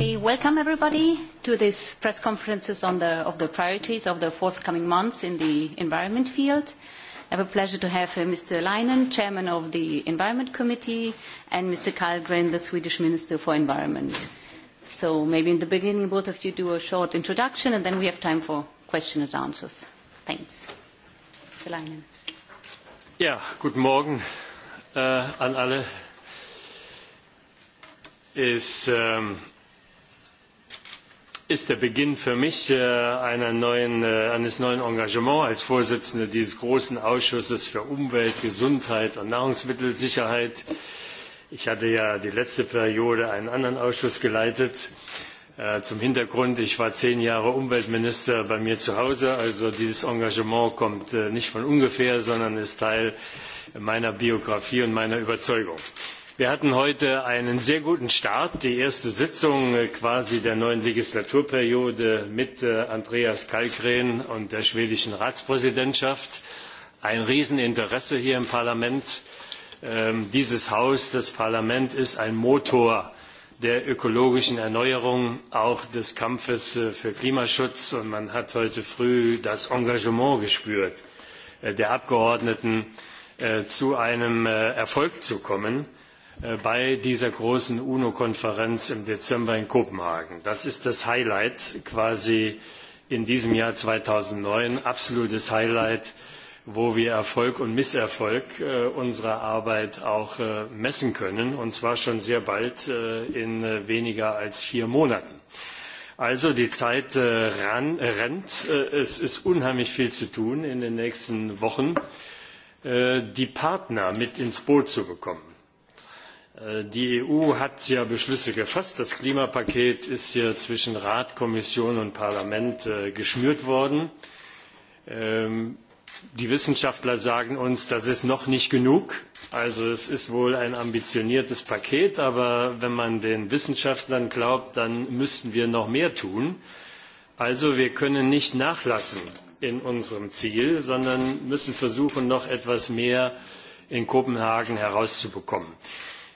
welcome everybody to this press conferences on the of the priorities of the forthcoming months in the environment field. I have a pleasure to have Mr. Leinen, Chairman of the Environment Committee, and Mr. Karlgren, the Swedish Minister for Environment. So maybe in the beginning both of you do a short introduction and then we have time for questions and answers. Thanks. Mr. Leinen. Ja, guten Morgen an alle ist der Beginn für mich eines neuen Engagements als Vorsitzende dieses großen Ausschusses für Umwelt, Gesundheit und Nahrungsmittelsicherheit. Ich hatte ja die letzte Periode einen anderen Ausschuss geleitet. Zum Hintergrund, ich war zehn Jahre Umweltminister bei mir zu Hause. Also dieses Engagement kommt nicht von ungefähr, sondern ist Teil meiner Biografie und meiner Überzeugung wir hatten heute einen sehr guten start die erste sitzung quasi der neuen legislaturperiode mit andreas kalfin und der schwedischen ratspräsidentschaft ein rieseninteresse hier im parlament. dieses haus das parlament ist ein motor der ökologischen erneuerung auch des kampfes für klimaschutz und man hat heute früh das engagement gespürt der abgeordneten zu einem erfolg zu kommen bei dieser großen UNO-Konferenz im Dezember in Kopenhagen. Das ist das Highlight quasi in diesem Jahr 2009, absolutes Highlight, wo wir Erfolg und Misserfolg unserer Arbeit auch messen können, und zwar schon sehr bald in weniger als vier Monaten. Also die Zeit rennt. Es ist unheimlich viel zu tun in den nächsten Wochen, die Partner mit ins Boot zu bekommen. Die EU hat ja Beschlüsse gefasst. Das Klimapaket ist hier zwischen Rat, Kommission und Parlament geschmürt worden. Die Wissenschaftler sagen uns, das ist noch nicht genug. Also es ist wohl ein ambitioniertes Paket, aber wenn man den Wissenschaftlern glaubt, dann müssten wir noch mehr tun. Also wir können nicht nachlassen in unserem Ziel, sondern müssen versuchen, noch etwas mehr in Kopenhagen herauszubekommen.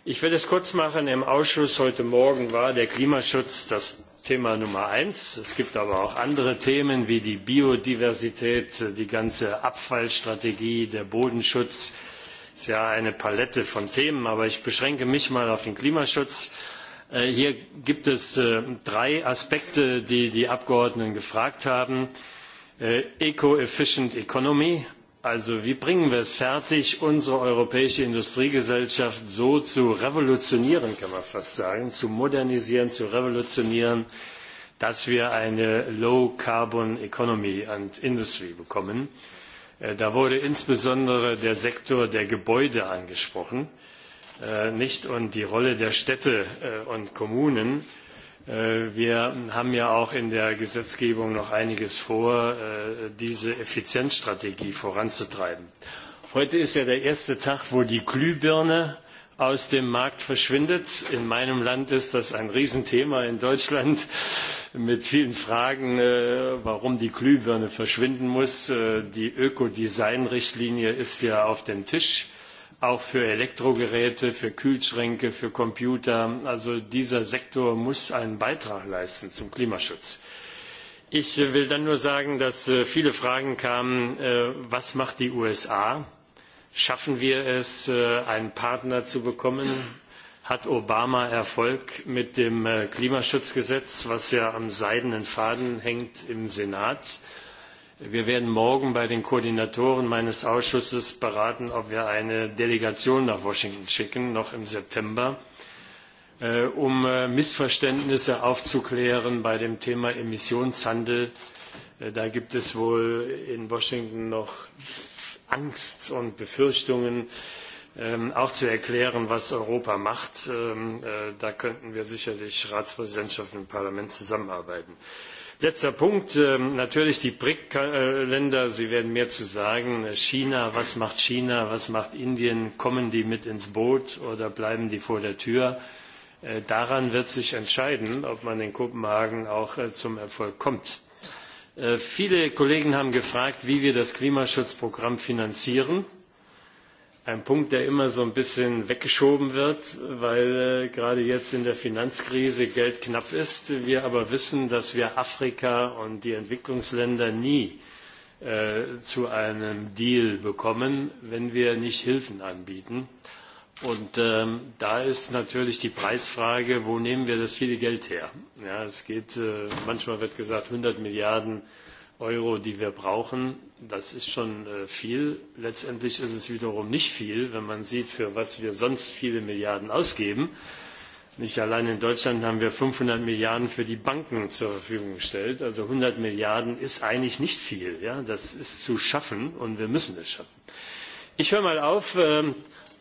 Ich will es kurz machen. Im Ausschuss heute Morgen war der Klimaschutz das Thema Nummer eins. Es gibt aber auch andere Themen wie die Biodiversität, die ganze Abfallstrategie, der Bodenschutz. es ist ja eine Palette von Themen, aber ich beschränke mich mal auf den Klimaschutz. Hier gibt es drei Aspekte, die die Abgeordneten gefragt haben. Eco-efficient Economy, Also wie bringen wir es fertig, unsere europäische Industriegesellschaft so zu revolutionieren, kann man fast sagen, zu modernisieren, zu revolutionieren, dass wir eine Low-Carbon-Economy and Industry bekommen? Da wurde insbesondere der Sektor der Gebäude angesprochen, nicht und die Rolle der Städte und Kommunen Wir haben ja auch in der Gesetzgebung noch einiges vor, diese Effizienzstrategie voranzutreiben. Heute ist ja der erste Tag, wo die Glühbirne aus dem Markt verschwindet. In meinem Land ist das ein Riesenthema in Deutschland mit vielen Fragen, warum die Glühbirne verschwinden muss. Die Ökodesign-Richtlinie ist ja auf dem Tisch auch für Elektrogeräte, für Kühlschränke, für Computer. Also dieser Sektor muss einen Beitrag leisten zum Klimaschutz. Ich will dann nur sagen, dass viele Fragen kamen, was macht die USA? Schaffen wir es, einen Partner zu bekommen? Hat Obama Erfolg mit dem Klimaschutzgesetz, was ja am seidenen Faden hängt im Senat Wir werden morgen bei den Koordinatoren meines Ausschusses beraten, ob wir eine Delegation nach Washington schicken, noch im September, um Missverständnisse aufzuklären bei dem Thema Emissionshandel. Da gibt es wohl in Washington noch Angst und Befürchtungen, auch zu erklären, was Europa macht. Da könnten wir sicherlich Ratspräsidentschaft und Parlament zusammenarbeiten. Letzter Punkt, natürlich die BRIC-Länder, Sie werden mehr zu sagen. China, was macht China, was macht Indien, kommen die mit ins Boot oder bleiben die vor der Tür? Daran wird sich entscheiden, ob man in Kopenhagen auch zum Erfolg kommt. Viele Kollegen haben gefragt, wie wir das Klimaschutzprogramm finanzieren ein Punkt, der immer so ein bisschen weggeschoben wird, weil gerade jetzt in der Finanzkrise Geld knapp ist. Wir aber wissen, dass wir Afrika und die Entwicklungsländer nie zu einem Deal bekommen, wenn wir nicht Hilfen anbieten. Und da ist natürlich die Preisfrage, wo nehmen wir das viele Geld her? Manchmal wird gesagt, 100 Milliarden Euro, die wir brauchen, das ist schon viel. Letztendlich ist es wiederum nicht viel, wenn man sieht, für was wir sonst viele Milliarden ausgeben. Nicht allein in Deutschland haben wir 500 Milliarden für die Banken zur Verfügung gestellt. Also 100 Milliarden ist eigentlich nicht viel. Das ist zu schaffen und wir müssen es schaffen. Ich höre mal auf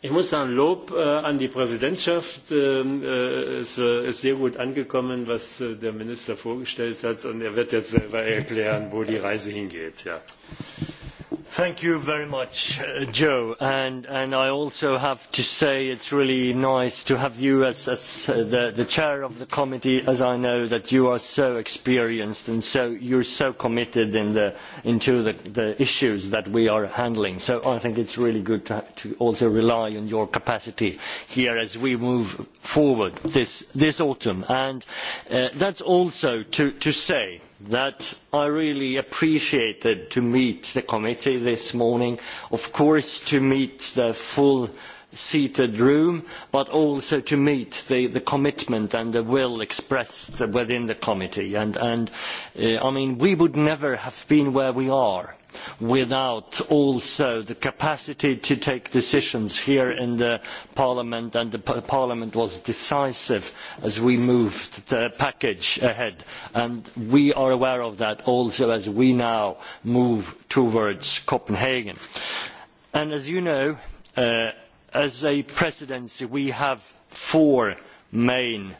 Ich muss sagen, Lob an die Präsidentschaft. Es ist sehr gut angekommen, was der Minister vorgestellt hat. Und er wird jetzt selber erklären, wo die Reise hingeht. Thank you very much, Joe. And I also have to say it's really nice to have you as the chair of the committee, as I know that you are so experienced and so you're so committed into the issues that we are handling. So I think it's really good to also rely on your capacity here as we move forward this autumn. And that's also to say that I really appreciated to meet the committee this morning, of course to meet the full seated room, but also to meet the commitment and the will expressed within the committee. I mean, we would never have been where we are without also the capacity to take decisions here in the Parliament, and the Parliament was decisive as we moved the package ahead. And we are aware of that also as we now move towards Copenhagen. And as you know, as a presidency, we have four main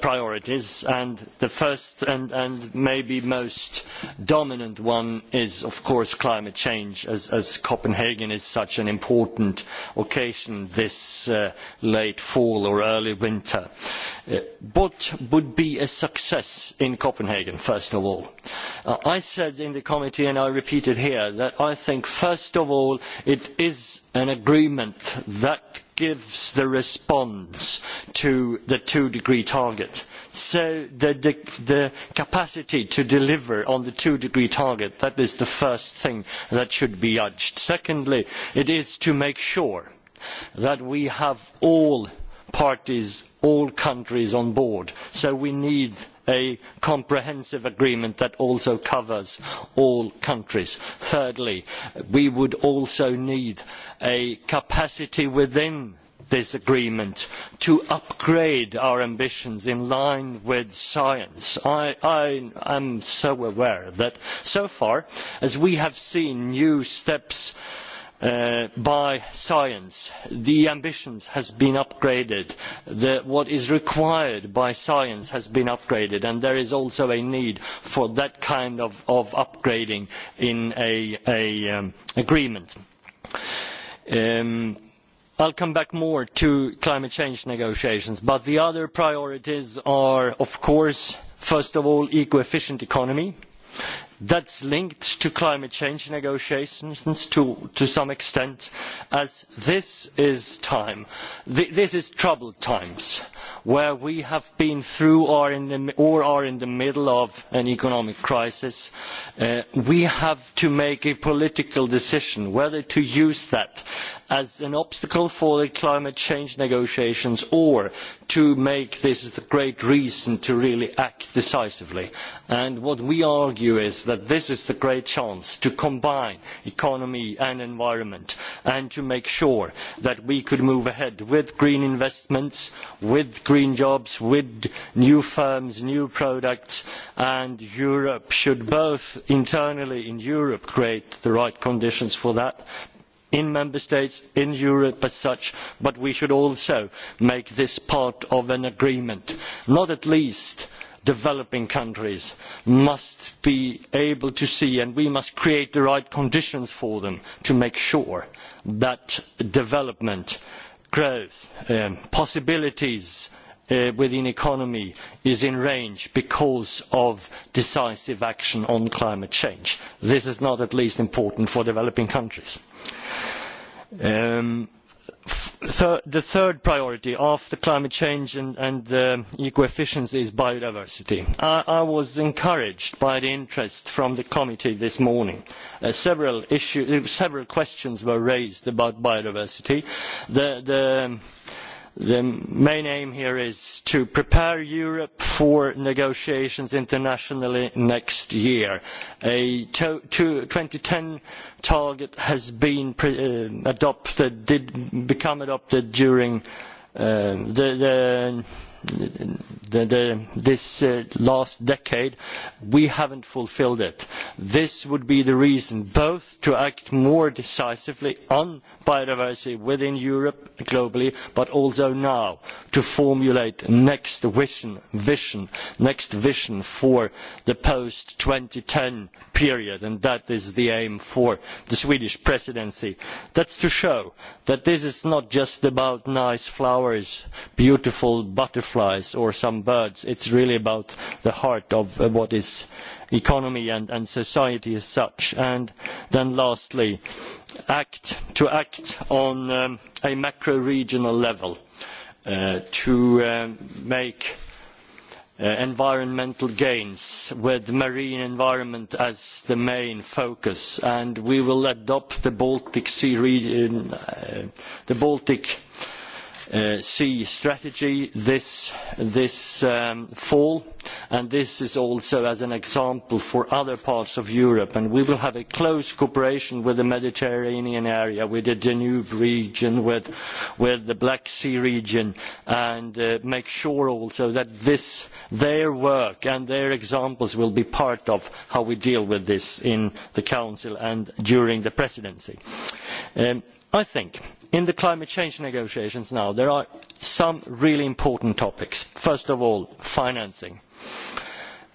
priorities and the first and maybe most dominant one is of course climate change as copenhagen is such an important occasion this late fall or early winter. what would be a success in copenhagen first of all? i said in the committee and i repeat it here that i think first of all it is an agreement that gives the response to the two degree target. So the capacity to deliver on the two degree target, that is the first thing that should be judged. Secondly, it is to make sure that we have all parties, all countries on board. So we need a comprehensive agreement that also covers all countries. thirdly we would also need a capacity within this agreement to upgrade our ambitions in line with science. i am so aware that so far as we have seen new steps by science. The ambitions has been upgraded. What is required by science has been upgraded, and there is also a need for that kind of upgrading in an agreement. I'll come back more to climate change negotiations, but the other priorities are, of course, first of all, eco-efficient economy that is linked to climate change negotiations to some extent as this is time this is troubled times where we have been through or are in the middle of an economic crisis we have to make a political decision whether to use that as an obstacle for the climate change negotiations or to make this the great reason to really act decisively what we argue is that this is the great chance to combine economy and environment and to make sure that we could move ahead with green investments, with green jobs, with new firms, new products, and Europe should both internally in Europe create the right conditions for that in member states in europe as such but we should also make this part of an agreement not at least developing countries must be able to see and we must create the right conditions for them to make sure that development growth possibilities within economy is in range because of decisive action on climate change. This is not at least important for developing countries. The third priority of the climate change and eco-efficiency is biodiversity. I was encouraged by the interest from the committee this morning. Several questions were raised about biodiversity. The main aim here is to prepare Europe for negotiations internationally next year. A 2010 target has been adopted, did become adopted during the this last decade, we haven't fulfilled it. This would be the reason both to act more decisively on biodiversity within Europe globally, but also now to formulate next vision, next vision for the post-2010 period, and that is the aim for the Swedish presidency. That's to show that this is not just about nice flowers, beautiful butterflies, flies or some birds. It's really about the heart of what is economy and society as such. And then lastly, to act on a macro-regional level to make environmental gains with marine environment as the main focus and we will adopt the Baltic Sea the Baltic sea strategy this fall and this is also as an example for other parts of europe and we will have a close cooperation with the mediterranean area with the danube region with the black sea region and make sure also that their work and their examples will be part of how we deal with this in the council and during the presidency. i think in the climate change negotiations now there are some really important topics first of all financing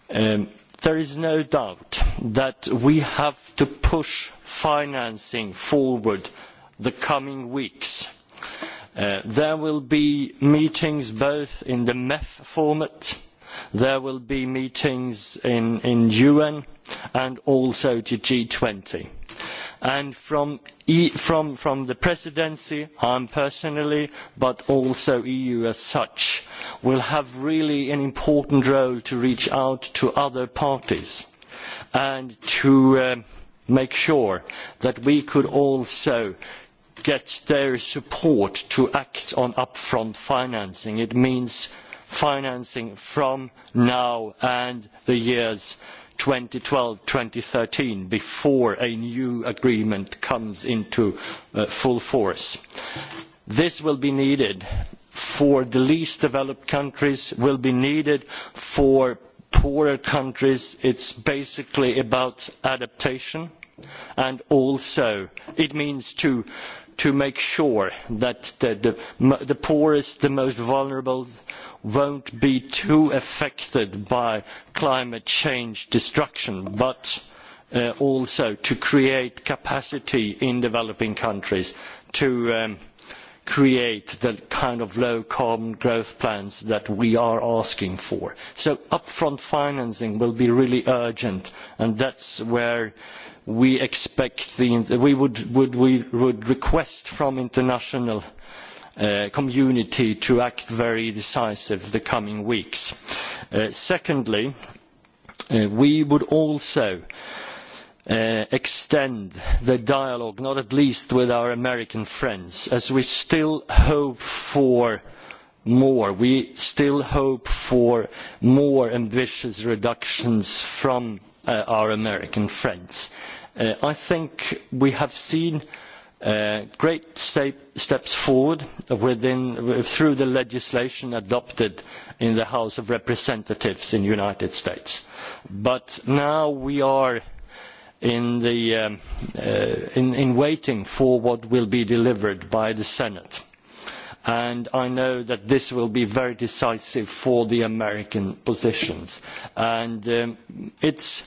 there is no doubt that we have to push financing forward the coming weeks there will be meetings both in the mef format there will be meetings in un and also to g20 and from the presidency i personally but also the eu as such will have really an important role to reach out to other parties and to make sure that we could also get their support to act on upfront financing. it means financing from now and the years 2012 twelve thirteen before a new agreement comes into full force. this will be needed for the least developed countries will be needed for poorer countries. it is basically about adaptation and also it means to make sure that the poorest the most vulnerable won't be too affected by climate change destruction but also to create capacity in developing countries to create the kind of low carbon growth plans that we are asking for. So upfront financing will be really urgent and that's where we expect we would request from the international community to act very decisively in the coming weeks. secondly we would also extend the dialogue not at least with our american friends as we still hope for more. we still hope for more ambitious reductions from our American friends. I think we have seen great steps forward through the legislation adopted in the House of Representatives in the United States. But now we are in waiting for what will be delivered by the Senate and I know that this will be very decisive for the American positions. It is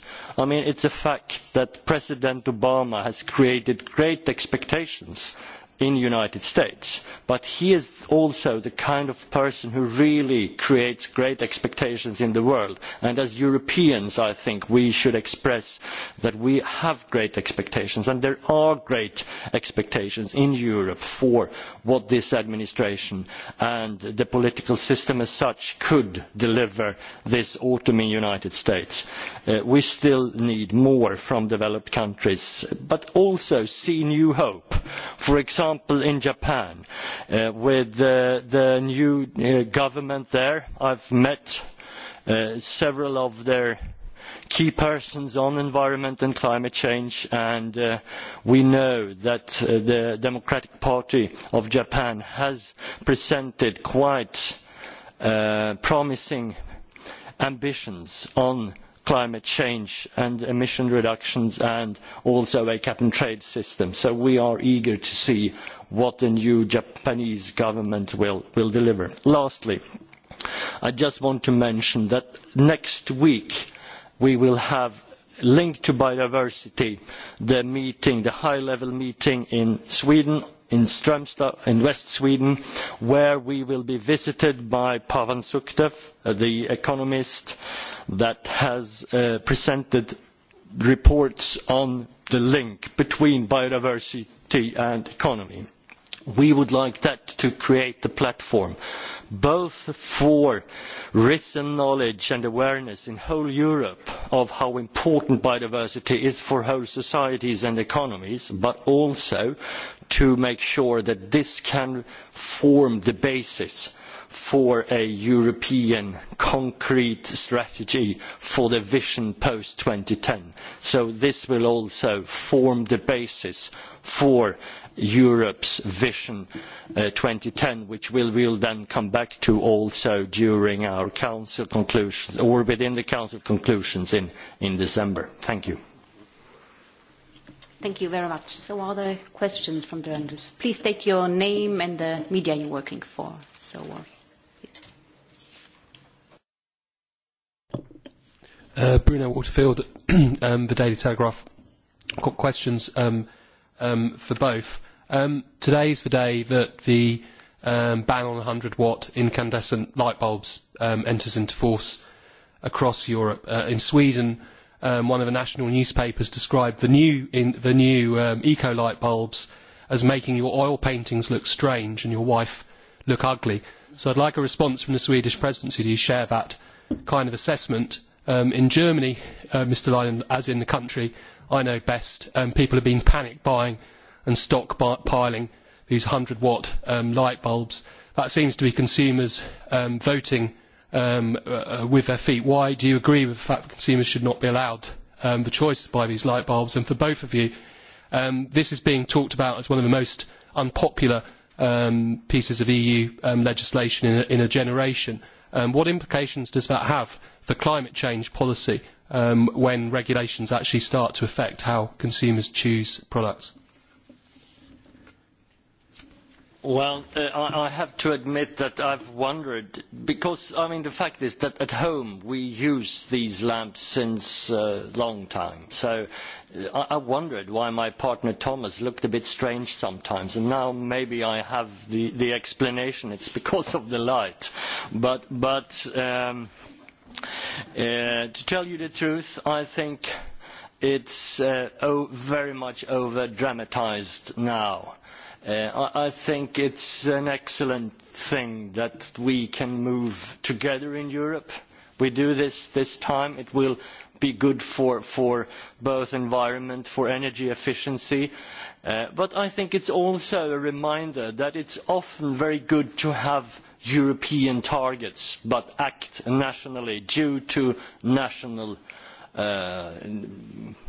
a fact that President Obama has created great expectations in the United States. But he is also the kind of person who really creates great expectations in the world. And as Europeans, I think we should express that we have great expectations. And there are great expectations in Europe for what this administration and the political system as such could deliver this autumn in the United States. We still need more from developed countries, but also see new hope. For example, example in Japan with the new government there. I've met several of their key persons on environment and climate change and we know that the Democratic Party of Japan has presented quite promising ambitions on climate change and emission reductions and also a cap and trade system. So we are eager to see what the new Japanese government will deliver. Lastly, I just want to mention that next week we will have linked to biodiversity the meeting, the high level meeting in Sweden in strmstad in West Sweden, where we will be visited by Pavan Sukhdev, the economist that has presented reports on the link between biodiversity and economy we would like that to create the platform both for risen knowledge and awareness in whole europe of how important biodiversity is for whole societies and economies but also to make sure that this can form the basis for a european concrete strategy for the vision post 2010 so this will also form the basis for Europe's Vision 2010, which we will then come back to also during our Council conclusions or within the Council conclusions in December. Thank you. Thank you very much. So are there questions from the journalists? Please state your name and the media you're working for. Bruno Waterfield, The Daily Telegraph. Got questions for both. Today is the day that the ban on 100 watt incandescent light bulbs enters into force across Europe. In Sweden, one of the national newspapers described the new eco light bulbs as making your oil paintings look strange and your wife look ugly. So I'd like a response from the Swedish presidency. Do you share that kind of assessment? In Germany, Mr. Leinen, as in the country, I know best, people have been panic buying and stockpiling these 100-watt light bulbs. That seems to be consumers voting with their feet. Why do you agree with the fact that consumers should not be allowed the choice to buy these light bulbs? And for both of you, this is being talked about as one of the most unpopular pieces of EU legislation in a generation. What implications does that have for climate change policy when regulations actually start to affect how consumers choose products? Well, I have to admit that I've wondered, because, I mean, the fact is that at home we use these lamps since a long time. So I wondered why my partner Thomas looked a bit strange sometimes, and now maybe I have the explanation. It's because of the light. But To tell you the truth, I think it's very much over-dramatized now. I think it's an excellent thing that we can move together in Europe. We do this this time. It will be good for both environment, for energy efficiency. But I think it's also a reminder that it's often very good to have European targets but act nationally due to national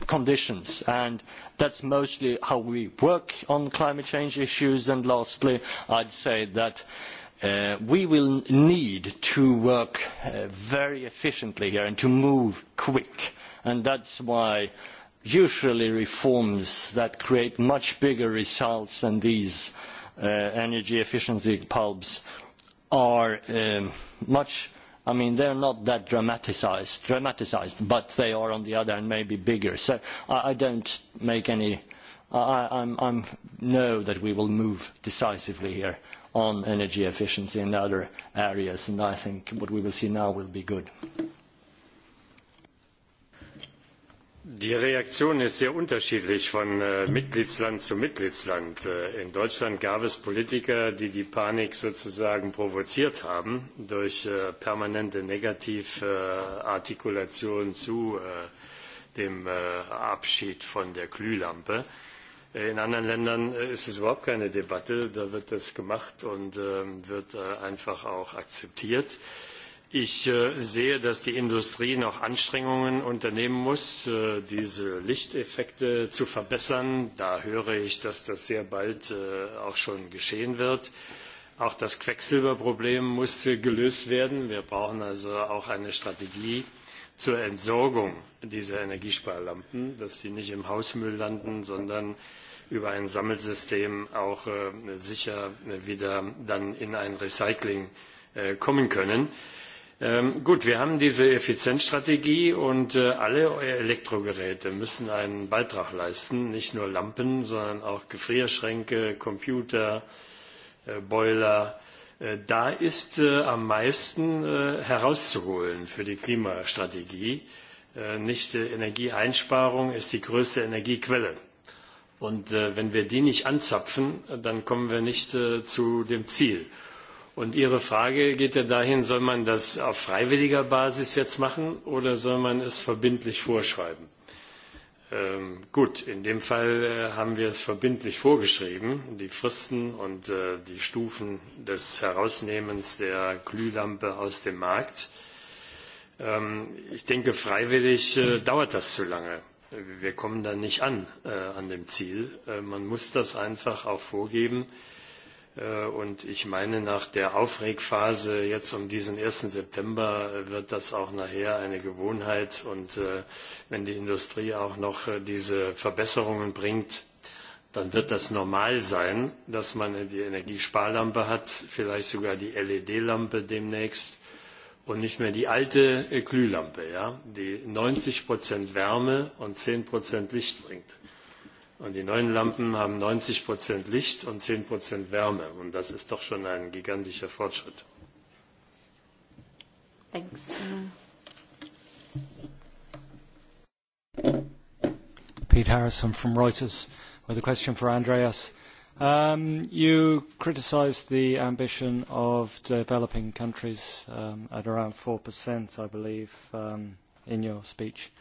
conditions. And that's mostly how we work on climate change issues. And lastly, I'd say that we will need to work very efficiently here and to move quick. And that's why usually reforms that create much bigger results than these energy efficiency pubs are much I mean they're not that dramatized, dramatised but they are on the other and maybe bigger. So I don't make any I know that we will move decisively here on energy efficiency in other areas and I think what we will see now will be good. Die Reaktion ist sehr unterschiedlich von Mitgliedsland zu Mitgliedsland. In Deutschland gab es Politiker, die die Panik sozusagen provoziert haben durch permanente Negativartikulation zu dem Abschied von der Glühlampe. In anderen Ländern ist es überhaupt keine Debatte, da wird das gemacht und wird einfach auch akzeptiert. Ich sehe, dass die Industrie noch Anstrengungen unternehmen muss, diese Lichteffekte zu verbessern. Da höre ich, dass das sehr bald auch schon geschehen wird. Auch das Quecksilberproblem muss gelöst werden. Wir brauchen also auch eine Strategie zur Entsorgung dieser Energiesparlampen, dass die nicht im Hausmüll landen, sondern über ein Sammelsystem auch sicher wieder dann in ein Recycling kommen können. Gut, wir haben diese Effizienzstrategie und alle Elektrogeräte müssen einen Beitrag leisten, nicht nur Lampen, sondern auch Gefrierschränke, Computer, Boiler. Da ist am meisten herauszuholen für die Klimastrategie. Nicht Energieeinsparung ist die größte Energiequelle. Und wenn wir die nicht anzapfen, dann kommen wir nicht zu dem Ziel. Und Ihre Frage geht ja dahin, soll man das auf freiwilliger Basis jetzt machen oder soll man es verbindlich vorschreiben? Gut, in dem Fall haben wir es verbindlich vorgeschrieben, die Fristen und die Stufen des Herausnehmens der Glühlampe aus dem Markt. Ich denke, freiwillig dauert das zu lange. Wir kommen da nicht an, an dem Ziel. Man muss das einfach auch vorgeben Und ich meine, nach der Aufregphase jetzt um diesen 1. September wird das auch nachher eine Gewohnheit. Und wenn die Industrie auch noch diese Verbesserungen bringt, dann wird das normal sein, dass man die Energiesparlampe hat, vielleicht sogar die LED-Lampe demnächst und nicht mehr die alte Glühlampe, die 90 Wärme und 10 Licht bringt. Und die neuen Lampen haben 90 Licht und 10 Wärme. Und das ist doch schon ein gigantischer Fortschritt. Thanks. Pete Harrison from Reuters with a question for Andreas. You criticized the ambition of developing countries at around 4%, I believe, in your speech.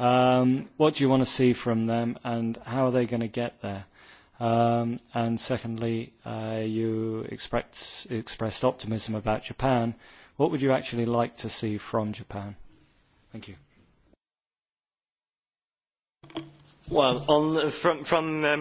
What do you want to see from them, and how are they going to get there? And secondly, you expressed optimism about Japan. What would you actually like to see from Japan? Thank you. Well, from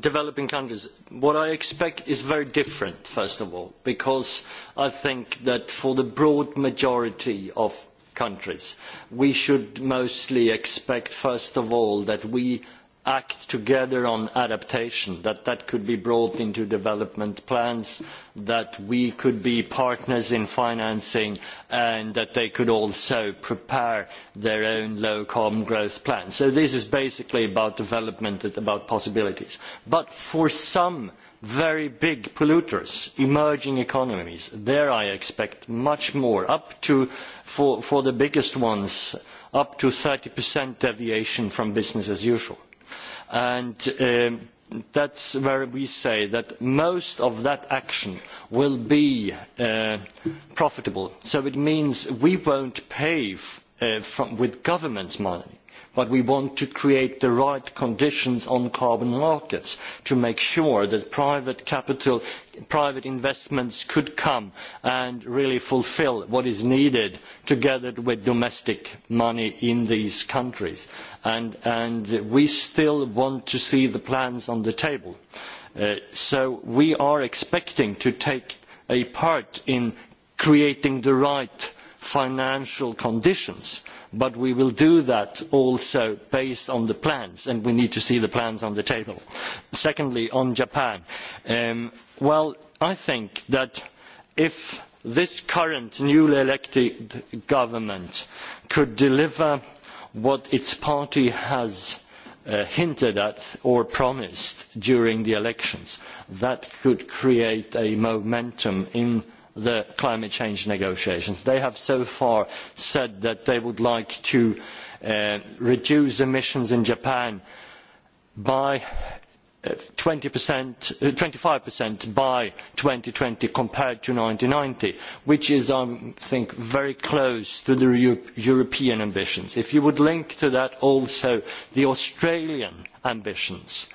developing countries, what I expect is very different, first of all, because I think that for the broad majority of countries. We should mostly expect, first of all, that we act together on adaptation, that that could be brought into development plans, that we could be partners in financing, and that they could also prepare their own low-carbon growth plans. So this is basically about development, about possibilities. But for some very big polluters, emerging economies. There I expect much more, up to, for the biggest ones, up to 30% deviation from business as usual. And that's where we say that most of that action will be profitable. So it means we won't pay with government's money but we want to create the right conditions on carbon markets to make sure that private capital private investments could come and really fulfil what is needed together with domestic money in these countries and we still want to see the plans on the table so we are expecting to take a part in creating the right financial conditions but we will do that also based on the plans and we need to see the plans on the table. secondly on japan well i think that if this current newly elected government could deliver what its party has hinted at or promised during the elections that could create a momentum in the climate change negotiations. They have so far said that they would like to reduce emissions in Japan by 25% by 2020 compared to 1990, which is, I think, very close to the European ambitions. If you would link to that also the Australian ambitions,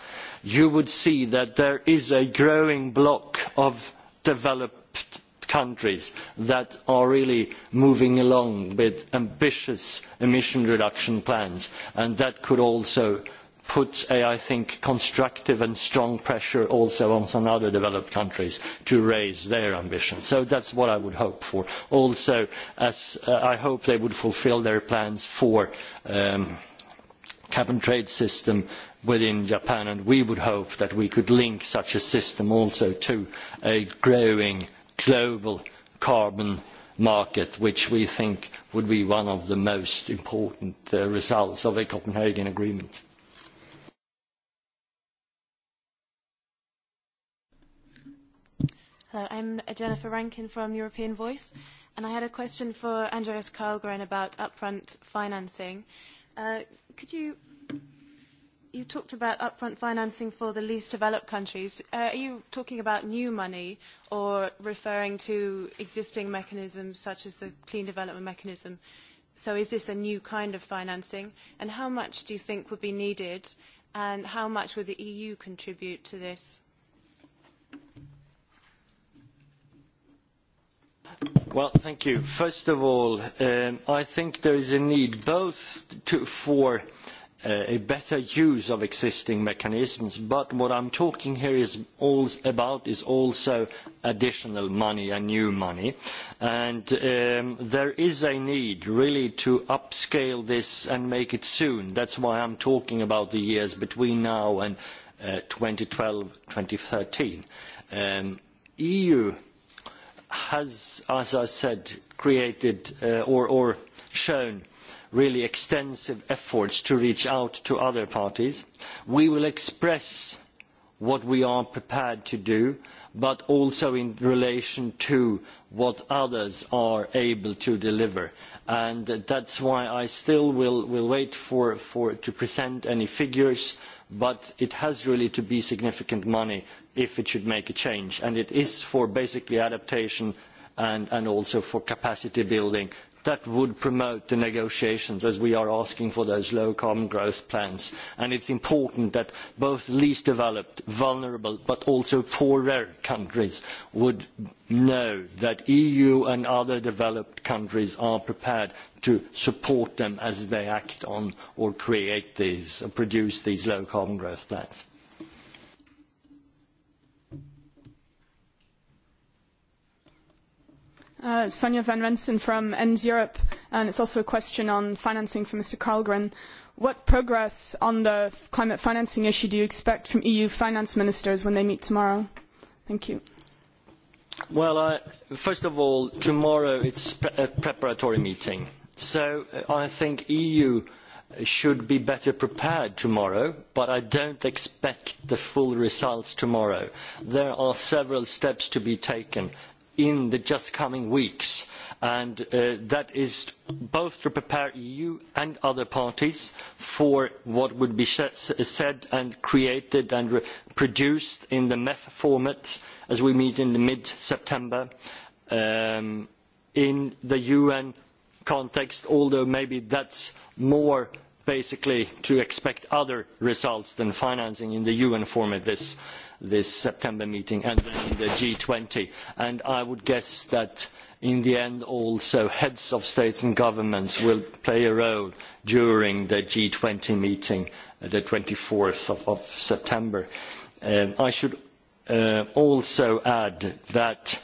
you would see that there is a growing block of developed countries that are really moving along with ambitious emission reduction plans and that could also put I think constructive and strong pressure also on some other developed countries to raise their ambitions. So that's what I would hope for. Also, I hope they would fulfil their plans for cap and trade system within Japan and we would hope that we could link such a system also to a growing global carbon market, which we think would be one of the most important results of a Copenhagen Agreement. Hello, I'm Jennifer Rankin from European Voice, and I had a question for Andreas Karlgren about upfront financing. Could you you talked about upfront financing for the least developed countries. Are you talking about new money or referring to existing mechanisms such as the Clean Development Mechanism? So is this a new kind of financing? And how much do you think would be needed? And how much would the EU contribute to this? Well, thank you. First of all, I think there is a need both for a better use of existing mechanisms. But what I'm talking here is about is also additional money and new money. And there is a need really to upscale this and make it soon. That's why I'm talking about the years between now and 2012, 2013. EU has, as I said, created or shown really extensive efforts to reach out to other parties. We will express what we are prepared to do, but also in relation to what others are able to deliver. And that's why I still will wait to present any figures, but it has really to be significant money if it should make a change. And it is for basically adaptation and also for capacity building that would promote the negotiations as we are asking for those low carbon growth plans and it is important that both least developed vulnerable but also poorer countries would know that eu and other developed countries are prepared to support them as they act on or create these or produce these low carbon growth plans. Sonja van Rensen from ENDS Europe, and it's also a question on financing for Mr. Karlgren. What progress on the climate financing issue do you expect from EU finance ministers when they meet tomorrow? Thank you. Well, first of all, tomorrow it's a preparatory meeting. So I think EU should be better prepared tomorrow, but I don't expect the full results tomorrow. There are several steps to be taken in the just coming weeks and that is both to prepare eu and other parties for what would be said and created and produced in the MEF format as we meet in mid september in the un context although maybe that's more basically to expect other results than financing in the un format this this September meeting and then in the G20. And I would guess that in the end also heads of states and governments will play a role during the G20 meeting, the 24th of September. I should also add that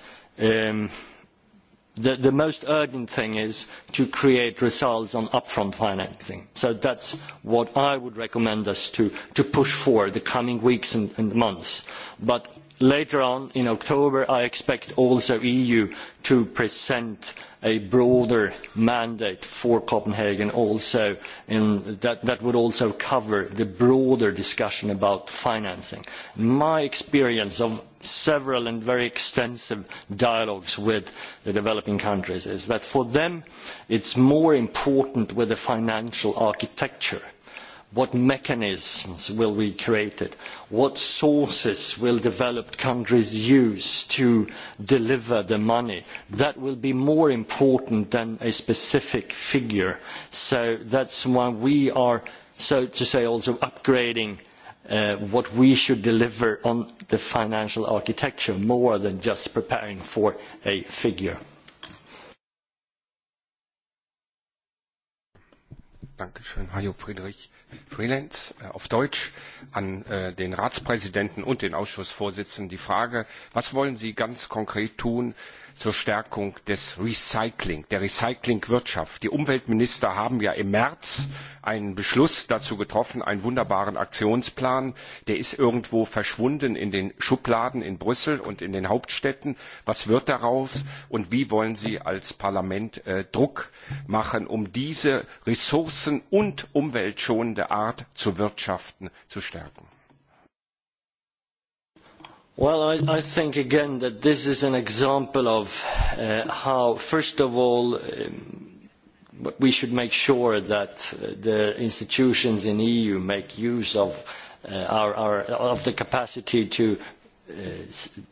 The most urgent thing is to create results on upfront financing. So that's what I would recommend us to push for the coming weeks and months. But Later on in October, I expect also the EU to present a broader mandate for Copenhagen also, that would also cover the broader discussion about financing. My experience of several and very extensive dialogues with the developing countries is that for them it's more important with the financial architecture What mechanisms will be created? What sources will developed countries use to deliver the money? That will be more important than a specific figure. So that's why we are, so to say, also upgrading what we should deliver on the financial architecture more than just preparing for a figure. Freelance auf Deutsch an den Ratspräsidenten und den Ausschussvorsitzenden die Frage, was wollen Sie ganz konkret tun zur Stärkung des Recycling, der Recyclingwirtschaft? Die Umweltminister haben ja im März einen Beschluss dazu getroffen, einen wunderbaren Aktionsplan. Der ist irgendwo verschwunden in den Schubladen in Brüssel und in den Hauptstädten. Was wird daraus und wie wollen Sie als Parlament Druck machen, um diese ressourcen- und Umweltschonung der Art zu wirtschaften zu stärken. Well, I I think again that this is an example of how, first of all, we should make sure that the institutions in the EU make use of the capacity to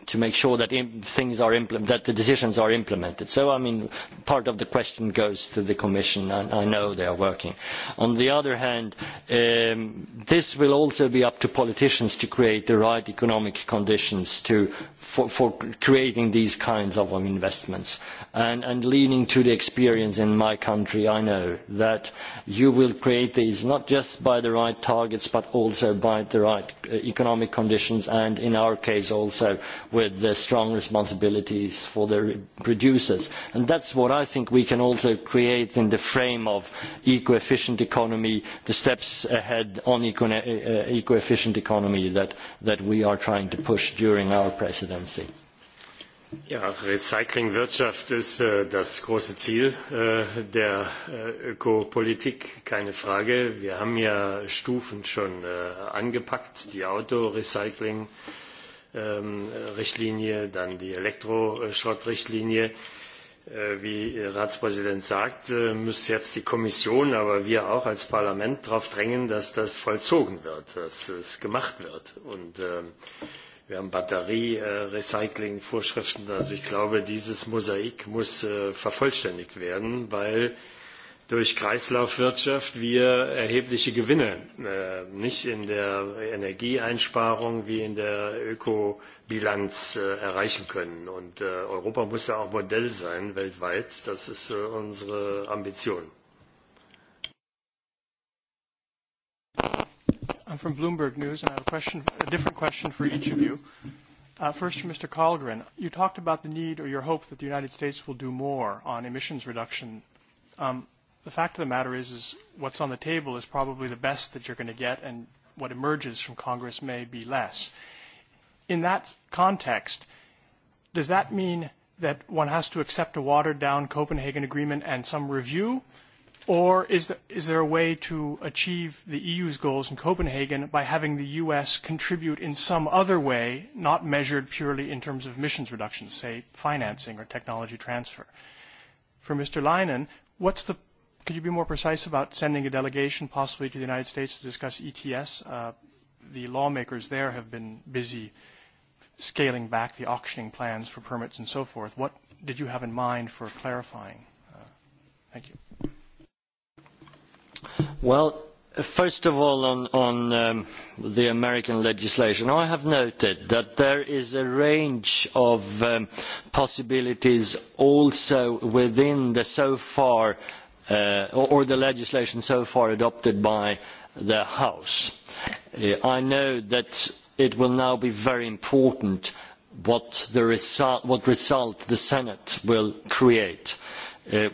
to make sure that the decisions are implemented. So, I mean, part of the question goes to the Commission. and I know they are working. On the other hand, this will also be up to politicians to create the right economic conditions for creating these kinds of investments. And leaning to the experience in my country, I know that you will create these not just by the right targets, but also by the right economic conditions and, in our case, also with the strong responsibilities for the producers. And that's what I think we can also create in the frame of eco-efficient economy, the steps ahead on eco-efficient economy that we are trying to push during our presidency. Ja, Recyclingwirtschaft ist das große Ziel der Ökopolitik, keine Frage. Wir haben ja Stufen schon angepackt, die Autorecycling, Richtlinie, dann die Elektroschrottrichtlinie. Wie Ratspräsident sagt, muss jetzt die Kommission, aber wir auch als Parlament darauf drängen, dass das vollzogen wird, dass es gemacht wird. Wir haben Batterie-Recycling-Vorschriften. ich glaube, dieses Mosaik muss vervollständigt werden, weil durch Kreislaufwirtschaft wir erhebliche Gewinne nicht in der Energieeinsparung wie in der Ökobilanz erreichen können. Und Europa muss ja auch Modell sein weltweit. Das ist unsere Ambition. I'm from Bloomberg News I have a question, a different question for each of you. First Mr. Colgren. You talked about the need or your hope that the United States will do more on emissions reduction the fact of the matter is, is what's on the table is probably the best that you're going to get, and what emerges from Congress may be less. In that context, does that mean that one has to accept a watered-down Copenhagen Agreement and some review, or is there a way to achieve the EU's goals in Copenhagen by having the U.S. contribute in some other way, not measured purely in terms of emissions reductions, say financing or technology transfer? For Mr. Leinen, what's the Could you be more precise about sending a delegation possibly to the United States to discuss ETS? The lawmakers there have been busy scaling back the auctioning plans for permits and so forth. What did you have in mind for clarifying? Thank you. Well, first of all, on the American legislation, I have noted that there is a range of possibilities also within the so far or the legislation so far adopted by the House. I know that it will now be very important what result the Senate will create.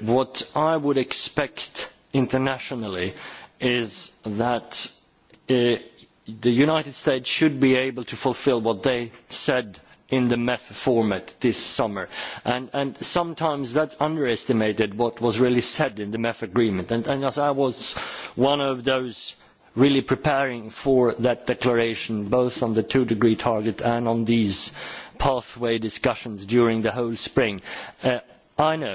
What I would expect internationally is that the United States should be able to fulfil what they said in the MEF format this summer. And sometimes that underestimated what was really said in the MEF agreement. And as I was one of those really preparing for that declaration, both on the two-degree target and on these pathway discussions during the whole spring, I know